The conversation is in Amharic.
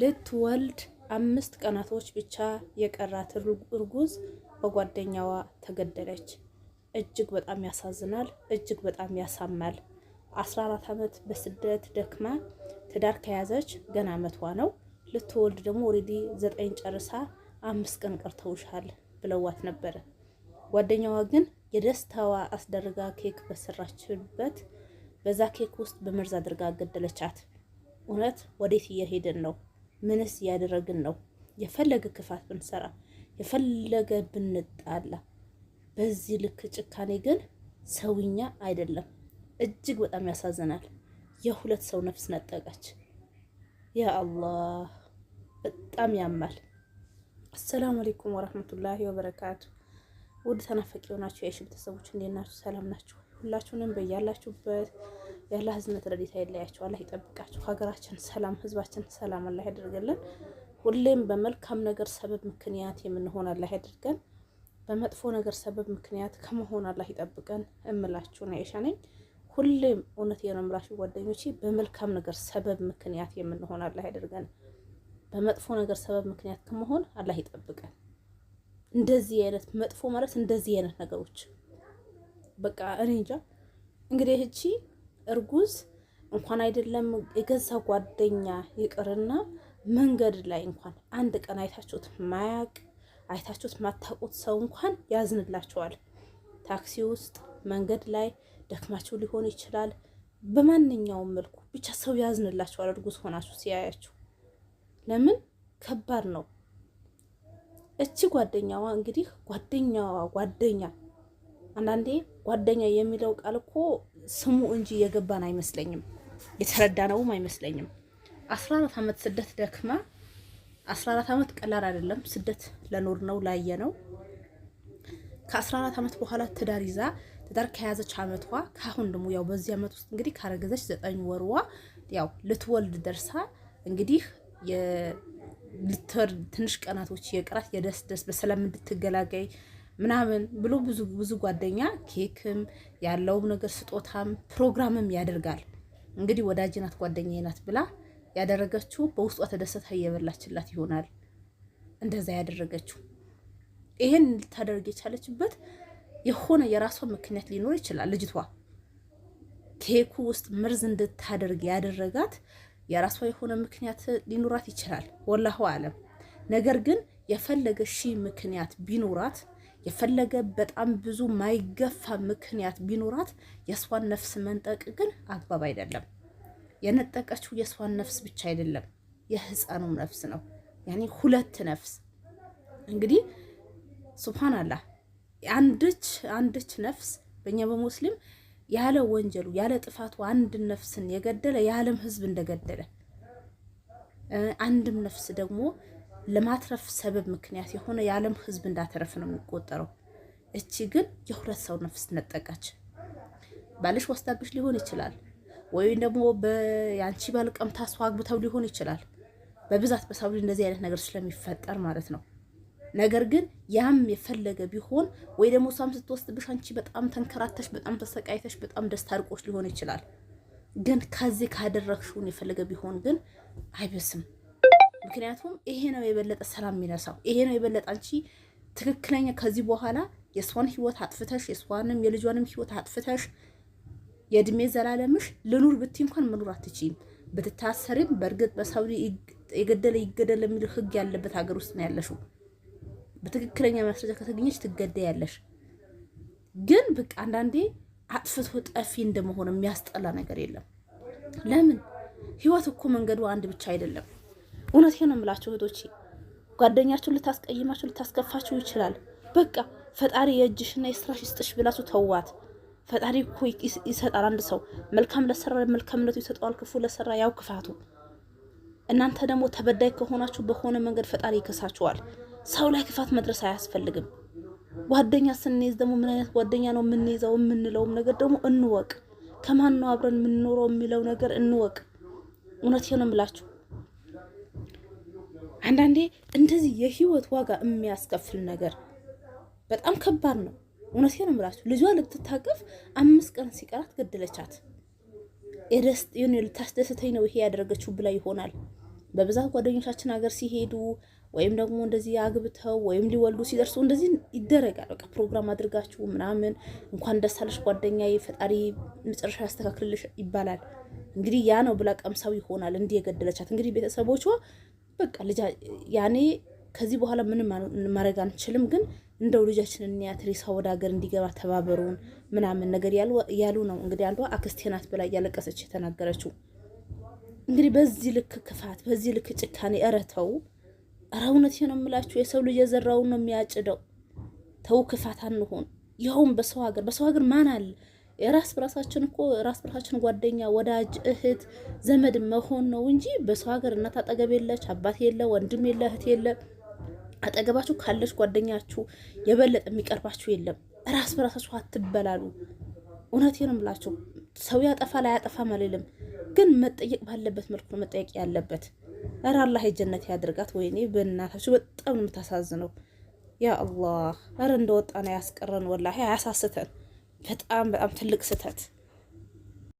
ልትወልድ አምስት ቀናቶች ብቻ የቀራት እርጉዝ በጓደኛዋ ተገደለች። እጅግ በጣም ያሳዝናል። እጅግ በጣም ያሳማል። 14 ዓመት በስደት ደክማ ትዳር ከያዘች ገና አመቷ ነው። ልትወልድ ደግሞ ኦልሬዲ ዘጠኝ ጨርሳ አምስት ቀን ቀርተውሻል ብለዋት ነበረ። ጓደኛዋ ግን የደስታዋ አስደርጋ ኬክ በሰራችበት በዛ ኬክ ውስጥ በመርዝ አድርጋ ገደለቻት። እውነት ወዴት እየሄድን ነው? ምንስ እያደረግን ነው? የፈለገ ክፋት ብንሰራ የፈለገ ብንጣላ፣ በዚህ ልክ ጭካኔ ግን ሰውኛ አይደለም። እጅግ በጣም ያሳዝናል። የሁለት ሰው ነፍስ ነጠቀች። ያ አላህ በጣም ያማል። አሰላሙ አሌይኩም ወረህመቱላሂ ወበረካቱ። ውድ ተናፈቂ የሆናችሁ የሺ ቤተሰቦች እንዴት ናችሁ? ሰላም ናችሁ? ሁላችሁንም በያላችሁበት ያለ ህዝነት ረዲት አይለያቸው፣ አላህ ይጠብቃቸው። ሀገራችን ሰላም፣ ህዝባችን ሰላም አላህ ያደርገልን። ሁሌም በመልካም ነገር ሰበብ ምክንያት የምንሆን አላህ ያደርገን። በመጥፎ ነገር ሰበብ ምክንያት ከመሆን አላህ ይጠብቀን እምላችሁ ነው አይሻ ነኝ። ሁሌም እውነት የነምላችሁ ጓደኞቼ፣ በመልካም ነገር ሰበብ ምክንያት የምንሆን አላህ ያደርገን። በመጥፎ ነገር ሰበብ ምክንያት ከመሆን አላህ ይጠብቀን። እንደዚህ አይነት መጥፎ ማለት እንደዚህ አይነት ነገሮች በቃ እኔ እንጃ እንግዲህ እቺ እርጉዝ እንኳን አይደለም የገዛ ጓደኛ ይቅርና መንገድ ላይ እንኳን አንድ ቀን አይታችሁት ማያቅ አይታችሁት ማታውቁት ሰው እንኳን ያዝንላችኋል። ታክሲ ውስጥ፣ መንገድ ላይ ደክማችሁ ሊሆን ይችላል። በማንኛውም መልኩ ብቻ ሰው ያዝንላችኋል። እርጉዝ ሆናችሁ ሲያያችሁ ለምን ከባድ ነው። እቺ ጓደኛዋ እንግዲህ ጓደኛዋ ጓደኛ አንዳንዴ ጓደኛ የሚለው ቃል እኮ ስሙ እንጂ የገባን አይመስለኝም፣ የተረዳነውም አይመስለኝም። አስራ አራት ዓመት ስደት ደክማ አስራ አራት ዓመት ቀላል አይደለም። ስደት ለኖር ነው ላየ ነው። ከአስራ አራት ዓመት በኋላ ትዳር ይዛ ትዳር ከያዘች ዓመቷ ከአሁን ደግሞ ያው በዚህ ዓመት ውስጥ እንግዲህ ካረገዘች ዘጠኝ ወርዋ ያው ልትወልድ ደርሳ እንግዲህ ትንሽ ቀናቶች የቀራት የደስ ደስ በሰላም እንድትገላገይ ምናምን ብሎ ብዙ ብዙ ጓደኛ ኬክም ያለውም ነገር ስጦታም ፕሮግራምም ያደርጋል። እንግዲህ ወዳጅ ናት ጓደኛዬ ናት ብላ ያደረገችው በውስጧ ተደሰታ እየበላችላት ይሆናል እንደዛ ያደረገችው። ይሄን ልታደርግ የቻለችበት የሆነ የራሷ ምክንያት ሊኖር ይችላል። ልጅቷ ኬኩ ውስጥ መርዝ እንድታደርግ ያደረጋት የራሷ የሆነ ምክንያት ሊኖራት ይችላል። ወላሁ አለም። ነገር ግን የፈለገ ሺህ ምክንያት ቢኖራት የፈለገ በጣም ብዙ ማይገፋ ምክንያት ቢኖራት የእሷን ነፍስ መንጠቅ ግን አግባብ አይደለም። የነጠቀችው የእሷን ነፍስ ብቻ አይደለም፣ የህፃኑ ነፍስ ነው። ያኔ ሁለት ነፍስ እንግዲህ ሱብሃናላህ አንድች አንድች ነፍስ በእኛ በሙስሊም ያለ ወንጀሉ ያለ ጥፋቱ አንድ ነፍስን የገደለ የዓለም ህዝብ እንደገደለ አንድም ነፍስ ደግሞ ለማትረፍ ሰበብ ምክንያት የሆነ የዓለም ህዝብ እንዳተረፍ ነው የሚቆጠረው። እቺ ግን የሁለት ሰው ነፍስ ነጠቀች። ባልሽ ወስዳብሽ ሊሆን ይችላል ወይም ደግሞ የአንቺ ባል ቀምታ አግብተው ሊሆን ይችላል። በብዛት በሰው ልጅ እንደዚህ አይነት ነገር ስለሚፈጠር ማለት ነው። ነገር ግን ያም የፈለገ ቢሆን ወይ ደግሞ እሷም ስትወስድብሽ አንቺ በጣም ተንከራተሽ፣ በጣም ተሰቃይተሽ፣ በጣም ደስታ ርቆሽ ሊሆን ይችላል። ግን ከዚህ ካደረግሽውን የፈለገ ቢሆን ግን አይበስም። ምክንያቱም ይሄ ነው የበለጠ ሰላም የሚነሳው። ይሄ ነው የበለጠ አንቺ ትክክለኛ ከዚህ በኋላ የእሷን ህይወት አጥፍተሽ የእሷንም የልጇንም ህይወት አጥፍተሽ የእድሜ ዘላለምሽ ልኑር ብትይ እንኳን መኖር አትችይም። ብትታሰሪም በእርግጥ በሳውዲ የገደለ ይገደል የሚል ህግ ያለበት ሀገር ውስጥ ነው ያለሽው። በትክክለኛ ማስረጃ ከተገኘች ትገደያለሽ። ግን በቃ አንዳንዴ አጥፍቶ ጠፊ እንደመሆን የሚያስጠላ ነገር የለም። ለምን ህይወት እኮ መንገዱ አንድ ብቻ አይደለም። እውነት ነው የምላችሁ እህቶቼ፣ ጓደኛችሁን ልታስቀይማችሁ ልታስከፋችሁ ይችላል። በቃ ፈጣሪ የእጅሽና የስራሽ ይስጥሽ ብላችሁ ተዋት። ፈጣሪ እኮ ይሰጣል። አንድ ሰው መልካም ለሰራ መልካምነቱ ይሰጠዋል፣ ክፉ ለሰራ ያው ክፋቱ። እናንተ ደግሞ ተበዳይ ከሆናችሁ በሆነ መንገድ ፈጣሪ ይከሳችኋል። ሰው ላይ ክፋት መድረስ አያስፈልግም። ጓደኛ ስንይዝ ደግሞ ምን አይነት ጓደኛ ነው የምንይዘው የምንለውም ነገር ደግሞ እንወቅ። ከማን ነው አብረን የምንኖረው የሚለው ነገር እንወቅ። እውነት ነው የምላችሁ አንዳንዴ እንደዚህ የህይወት ዋጋ የሚያስከፍል ነገር በጣም ከባድ ነው። እውነት ነው የምላችሁ። ልጇ ልትታቀፍ አምስት ቀን ሲቀራት ገደለቻት። ልታስደስተኝ ነው ይሄ ያደረገችው ብላ ይሆናል። በብዛት ጓደኞቻችን ሀገር ሲሄዱ ወይም ደግሞ እንደዚህ አግብተው ወይም ሊወልዱ ሲደርሱ እንደዚህ ይደረጋል። በቃ ፕሮግራም አድርጋችሁ ምናምን እንኳን ደስ አለሽ ጓደኛዬ፣ ፈጣሪ መጨረሻ ያስተካክልልሽ ይባላል። እንግዲህ ያ ነው ብላ ቀምሳው ይሆናል እንዲህ የገደለቻት። እንግዲህ ቤተሰቦቿ በቃ ልጃ ያኔ ከዚህ በኋላ ምንም ማድረግ አንችልም፣ ግን እንደው ልጃችን እንያት ሬሳ ወደ ሀገር እንዲገባ ተባበሩን ምናምን ነገር ያሉ ነው እንግዲህ አንዷ አክስቴ ናት ብላ እያለቀሰች የተናገረችው። እንግዲህ በዚህ ልክ ክፋት፣ በዚህ ልክ ጭካኔ እረተው እረ ነው የምላችሁ፣ የሰው ልጅ የዘራውን ነው የሚያጭደው። ተው ክፋት አንሆን። ይኸውም በሰው ሀገር በሰው ሀገር ማን አለ የራስ በራሳችን እኮ ራስ በራሳችን ጓደኛ፣ ወዳጅ፣ እህት፣ ዘመድ መሆን ነው እንጂ በሰው ሀገር እናት አጠገብ የለች፣ አባት የለ፣ ወንድም የለ፣ እህት የለ። አጠገባችሁ ካለች ጓደኛችሁ የበለጠ የሚቀርባችሁ የለም። ራስ በራሳችሁ አትበላሉ። እውነቴ ነው ሰው ያጠፋል አያጠፋም መልልም፣ ግን መጠየቅ ባለበት መልኩ ነው መጠየቅ ያለበት። ኧረ አላህ የጀነት ያድርጋት። ወይኔ በእናታችሁ በጣም ነው የምታሳዝነው። ያ አላህ ኧረ እንደወጣ ነው ያስቀረን። ወላሂ አያሳስተን። በጣም በጣም ትልቅ ስህተት